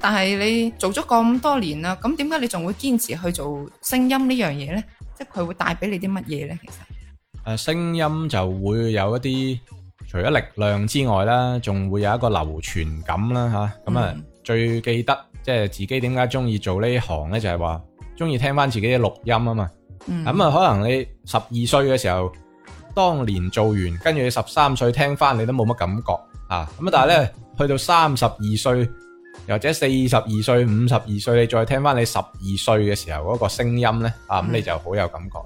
但係你做咗咁多年啦，咁點解你仲會堅持去做聲音呢樣嘢呢？即係佢會帶俾你啲乜嘢呢？其實，誒，聲、啊、音就會有一啲除咗力量之外啦，仲會有一個流傳感啦，吓咁啊，啊嗯、最記得即係、就是、自己點解中意做呢行呢，就係話中意聽翻自己嘅錄音啊嘛。咁、嗯、啊，可能你十二歲嘅時候當年做完，跟住你十三歲聽翻，你都冇乜感覺啊。咁啊，但係呢，嗯、去到三十二歲。或者四十二歲、五十二歲，你再聽翻你十二歲嘅時候嗰個聲音呢，啊咁、嗯、你就好有感覺。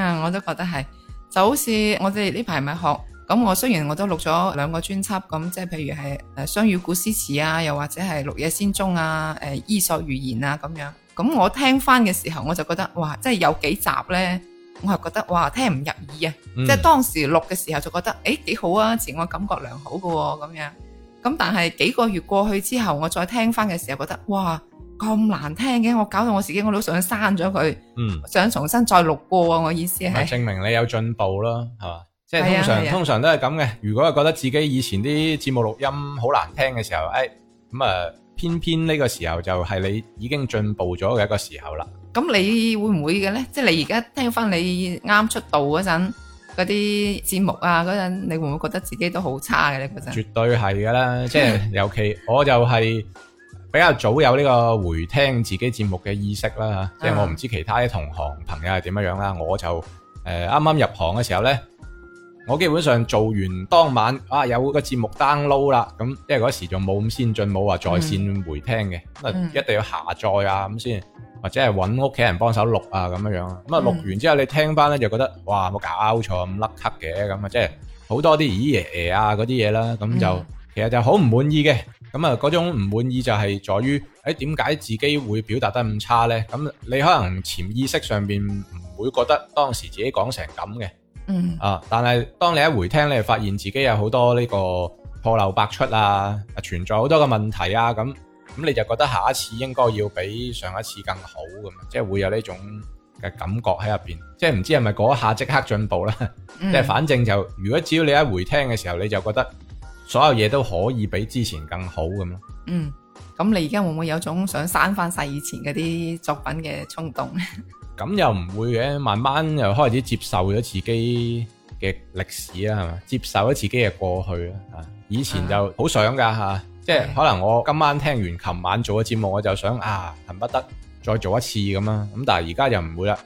啊、嗯，我都覺得係就好似我哋呢排咪學，咁我雖然我都錄咗兩個專輯，咁即係譬如係誒雙語古詩詞啊，又或者係綠野仙蹤啊，誒、呃、伊索寓言啊咁樣，咁我聽翻嘅時候，我就覺得哇，即、就、係、是、有幾集呢？我係覺得哇聽唔入耳啊，即係、嗯、當時錄嘅時候就覺得誒幾、欸、好啊，自我感覺良好嘅咁、啊、樣。咁但係幾個月過去之後，我再聽翻嘅時候，覺得哇，咁難聽嘅，我搞到我自己我都想刪咗佢，嗯，想重新再錄過，我意思係，證明你有進步啦，係嘛？即係通常，係啊係啊，通常都係咁嘅。如果係覺得自己以前啲節目錄音好難聽嘅時候，哎，咁啊，嗯，uh, 偏偏呢個時候就係你已經進步咗嘅一個時候啦。咁你會唔會嘅咧？即係你而家聽翻你啱出道嗰陣。嗰啲節目啊，嗰陣你會唔會覺得自己都好差嘅咧？嗰陣絕對係㗎啦， 即係尤其我就係比較早有呢個回聽自己節目嘅意識啦、啊、即係我唔知其他啲同行朋友係點樣啦，我就誒啱啱入行嘅時候咧。我基本上做完當晚，啊，有個節目 download 啦，咁因為嗰時就冇咁先進，冇話在線回聽嘅，咁啊、嗯、一定要下載啊咁先，或者係搵屋企人幫手錄啊咁樣樣，咁啊錄完之後你聽翻咧就覺得，哇冇搞錯咁甩 u 嘅，咁啊即係好多啲咦爺爺啊嗰啲嘢啦，咁、嗯嗯、就其實就好唔滿意嘅，咁啊嗰種唔滿意就係在於，誒點解自己會表達得咁差咧？咁你可能潛意識上邊唔會覺得當時自己講成咁嘅。嗯啊，但係當你一回聽，你就發現自己有好多呢個錯漏百出啊，存在好多嘅問題啊，咁咁你就覺得下一次應該要比上一次更好咁，即係會有呢種嘅感覺喺入邊，即係唔知係咪嗰一下即刻進步啦。即係，嗯，反正就如果只要你一回聽嘅時候，你就覺得所有嘢都可以比之前更好咁咯。嗯，咁你而家會唔會有種想刪翻晒以前嗰啲作品嘅衝動？ 咁又唔會嘅，慢慢又開始接受咗自己嘅歷史啦，係嘛？接受咗自己嘅過去啊，以前就好想噶吓、啊啊，即係係可能我今晚聽完琴晚做嘅節目，我就想啊，恨不得再做一次咁啦。咁但係而家又唔會啦，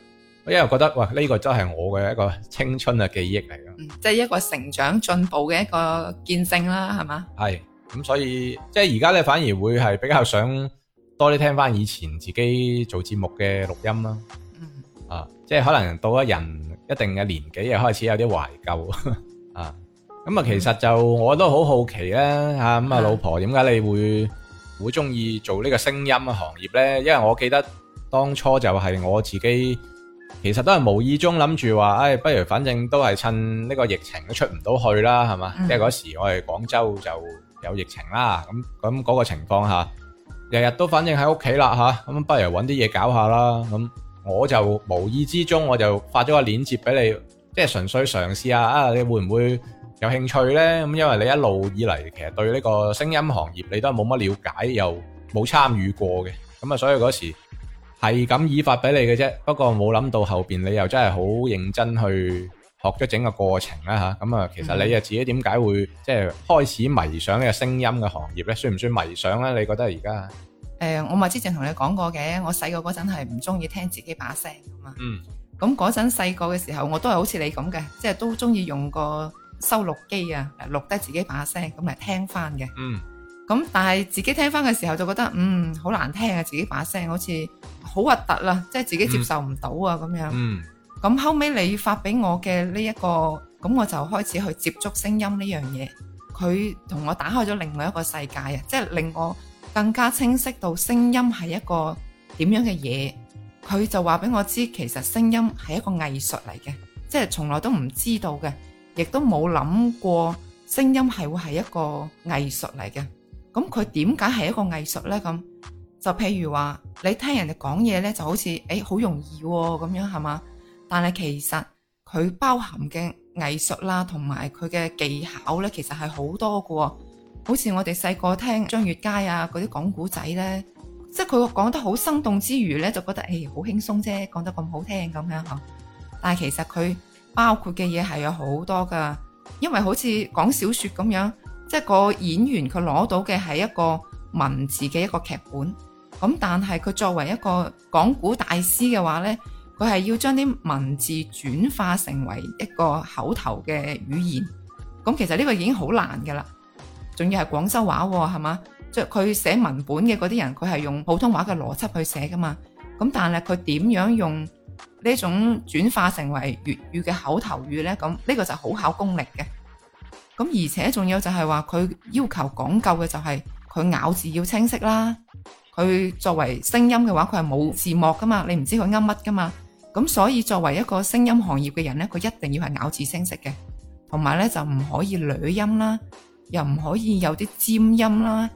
因為覺得哇，呢個真係我嘅一個青春嘅記憶嚟噶，即係、嗯就是、一個成長進步嘅一個見證啦，係嘛？係，咁、嗯、所以即係而家咧，反而會係比較想多啲聽翻以前自己做節目嘅錄音啦。即係可能到咗人一定嘅年紀，又開始有啲懷舊 啊。咁啊，其實就我都好好奇咧嚇。咁啊，嗯、老婆點解你會會中意做呢個聲音嘅行業咧？因為我記得當初就係我自己，其實都係無意中諗住話，誒、哎，不如反正都係趁呢個疫情都出唔到去啦，係嘛？嗯、即係嗰時我哋廣州就有疫情啦。咁咁嗰個情況下，日日都反正喺屋企啦嚇。咁、啊、不如揾啲嘢搞下啦咁。我就無意之中我就發咗個鏈接俾你，即係純粹嘗試下啊，你會唔會有興趣呢？咁因為你一路以嚟其實對呢個聲音行業你都係冇乜了解，又冇參與過嘅，咁啊，所以嗰時係咁以發俾你嘅啫。不過冇諗到後邊你又真係好認真去學咗整個過程啦吓，咁啊，嗯嗯、其實你又自己點解會即係、就是、開始迷上呢個聲音嘅行業呢？算唔算迷上呢？你覺得而家？誒、呃，我咪之前同你講過嘅，我細個嗰陣係唔中意聽自己把聲噶嘛。嗯。咁嗰陣細個嘅時候，我都係好似你咁嘅，即係都中意用個收錄機啊錄低自己把聲，咁嚟聽翻嘅。嗯。嗯。咁但係自己聽翻嘅時候，就覺得嗯好難聽啊，自己把聲好似好核突啦，即係自己接受唔到啊咁樣。嗯。嗯。咁後尾你發俾我嘅呢一個，咁我就開始去接觸聲音呢樣嘢，佢同我打開咗另外一個世界啊，即係令我。更加清晰到聲音係一個點樣嘅嘢，佢就話俾我知，其實聲音係一個藝術嚟嘅。即係從來都唔知道嘅，亦都冇諗過聲音係會係一個藝術嚟嘅。咁佢點解係一個藝術呢？咁就譬如話你聽人哋講嘢呢，就好似誒好容易咁、哦、樣係嘛，但係其實佢包含嘅藝術啦，同埋佢嘅技巧呢，其實係好多噶。好似我哋細個聽張悅楷啊，嗰啲講古仔咧，即係佢講得好生動之餘咧，就覺得誒好、哎、輕鬆啫，講得咁好聽咁樣嗬、嗯。但係其實佢包括嘅嘢係有好多噶，因為好似講小說咁樣，即係個演員佢攞到嘅係一個文字嘅一個劇本，咁但係佢作為一個講古大師嘅話咧，佢係要將啲文字轉化成為一個口頭嘅語言，咁其實呢個已經好難噶啦。仲要係廣州話、哦，係嘛？即係佢寫文本嘅嗰啲人，佢係用普通話嘅邏輯去寫噶嘛。咁但係佢點樣用呢一種轉化成為粵語嘅口頭語呢？咁呢個就好考功力嘅。咁而且仲有就係話佢要求講究嘅就係、是、佢咬字要清晰啦。佢作為聲音嘅話，佢係冇字幕噶嘛，你唔知佢噏乜噶嘛。咁所以作為一個聲音行業嘅人呢，佢一定要係咬字清晰嘅，同埋呢，就唔可以濾音啦。又唔可以有啲尖音啦，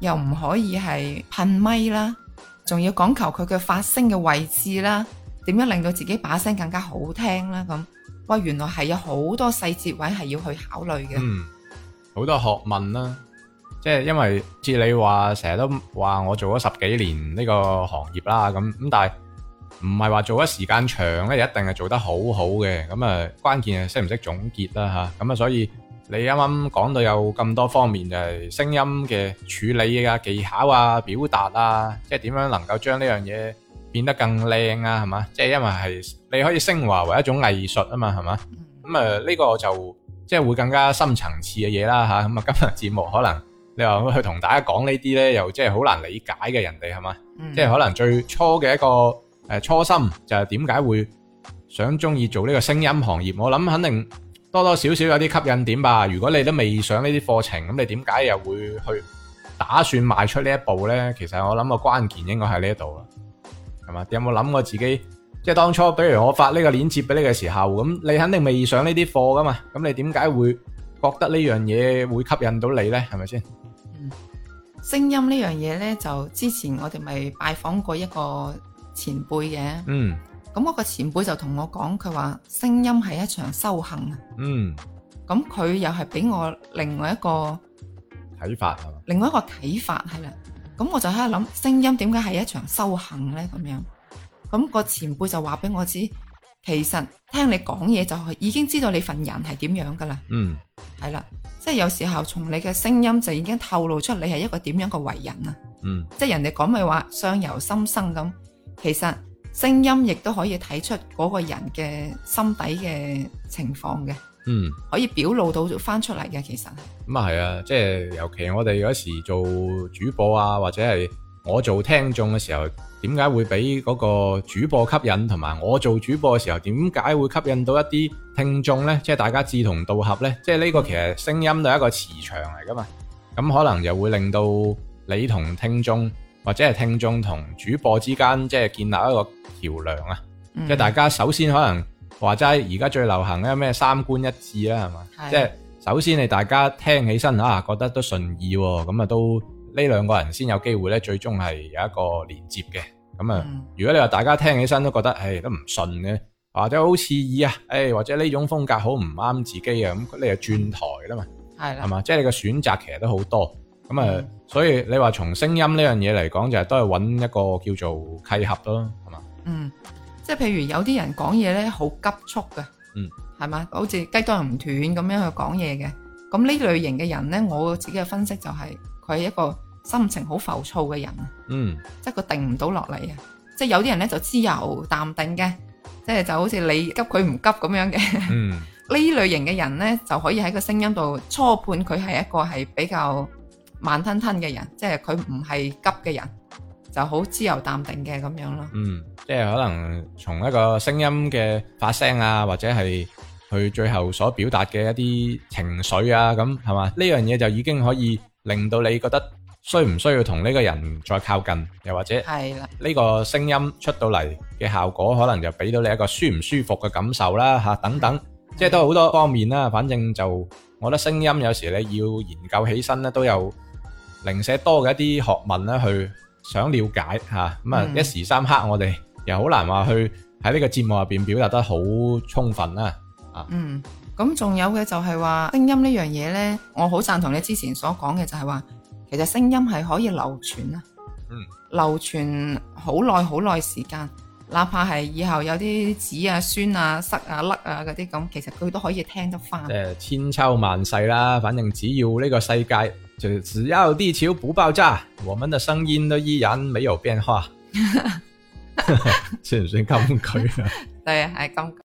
又唔可以係噴咪啦，仲要講求佢嘅發聲嘅位置啦，點樣令到自己把聲更加好聽啦咁，喂，原來係有好多細節位係要去考慮嘅，嗯，好多學問啦，即係因為至你話成日都話我做咗十幾年呢個行業啦，咁咁但係唔係話做咗時間長咧，一定係做得好好嘅，咁啊關鍵係識唔識總結啦吓，咁啊所以。你啱啱講到有咁多方面，就係聲音嘅處理啊、技巧啊、表達啊，即係點樣能夠將呢樣嘢變得更靚啊，係嘛？即係因為係你可以升華為一種藝術啊嘛，係嘛？咁誒呢個就即係會更加深層次嘅嘢啦吓。咁啊、嗯、今日節目可能你話去同大家講呢啲咧，又即係好難理解嘅人哋係嘛？嗯、即係可能最初嘅一個誒、呃、初心就係點解會想中意做呢個聲音行業？我諗肯定。多多少少有啲吸引點吧。如果你都未上呢啲課程，咁你點解又會去打算邁出呢一步呢？其實我諗個關鍵應該喺呢度啦，係嘛？你有冇諗過自己，即係當初，比如我發呢個鏈接俾你嘅時候，咁你肯定未上呢啲課噶嘛？咁你點解會覺得呢樣嘢會吸引到你呢？係咪先？嗯，聲音呢樣嘢呢？就之前我哋咪拜訪過一個前輩嘅。嗯。咁我個前輩就同我講，佢話聲音係一場修行。嗯，咁佢又係俾我另外一個啟發係嘛？另外一個啟發係啦。咁我就喺度諗，聲音點解係一場修行咧？咁樣，咁個前輩就話俾我知，其實聽你講嘢就係已經知道你份人係點樣噶啦。嗯，係啦，即係有時候從你嘅聲音就已經透露出你係一個點樣嘅為人啊。嗯，即係人哋講咪話相由心生咁，其實。聲音亦都可以睇出嗰個人嘅心底嘅情況嘅，嗯，可以表露到翻出嚟嘅，其實咁啊係啊，即係尤其我哋嗰時做主播啊，或者係我做聽眾嘅時候，點解會俾嗰個主播吸引，同埋我做主播嘅時候，點解會吸引到一啲聽眾呢？即係大家志同道合呢，即係呢個其實聲音都係一個磁場嚟噶嘛，咁、嗯、可能又會令到你同聽眾，或者係聽眾同主播之間即係建立一個橋梁啊！嗯、即係大家首先可能話齋，而家最流行嘅咩三觀一致啊？係嘛？是即係首先你大家聽起身啊，覺得都順意喎，咁啊都呢兩個人先有機會咧，最終係有一個連接嘅。咁啊，嗯、如果你話大家聽起身都覺得誒、哎、都唔順嘅，或者好刺耳啊，誒、哎、或者呢種風格好唔啱自己啊，咁你又轉台啦嘛？係啦嘛的？即係你個選擇其實都好多。咁啊，所以你話從聲音呢樣嘢嚟講，就係都係揾一個叫做契合咯，係嘛？嗯，即係譬如有啲人講嘢咧，好急促嘅，嗯，係嘛？好似雞啄唔斷咁樣去講嘢嘅，咁呢類型嘅人咧，我自己嘅分析就係佢係一個心情好浮躁嘅人，嗯，即係佢定唔到落嚟啊，即係有啲人咧就自由淡定嘅，即係就好似你急佢唔急咁樣嘅，嗯，呢類型嘅人咧就可以喺個聲音度初判佢係一個係比較。慢吞吞嘅人，即係佢唔係急嘅人，就好自由淡定嘅咁樣咯。嗯，即係可能從一個聲音嘅發聲啊，或者係佢最後所表達嘅一啲情緒啊，咁係嘛？呢樣嘢就已經可以令到你覺得需唔需要同呢個人再靠近，又或者呢的個聲音出到嚟嘅效果，可能就俾到你一個舒唔舒服嘅感受啦，啊、吓、啊、等等，的即係都好多方面啦，啊。反正就我覺得聲音有時你要研究起身咧，都有。零舍多嘅一啲學問咧，去想了解吓，咁啊一時三刻我哋、嗯、又好難話去喺呢個節目入邊表達得好充分啦，啊，嗯，咁仲有嘅就係話聲音呢樣嘢咧，我好贊同你之前所講嘅，就係話其實聲音係可以流傳啦，嗯、流傳好耐好耐時間。哪怕係以後有啲子啊、酸啊、塞啊、甩啊嗰啲咁，其實佢都可以聽得翻。誒， 千秋萬世啦，反正只要呢個世界，就只要地球不爆炸，我們的聲音都依然沒有變化。 算唔算金句啊？ 對啊，係金句。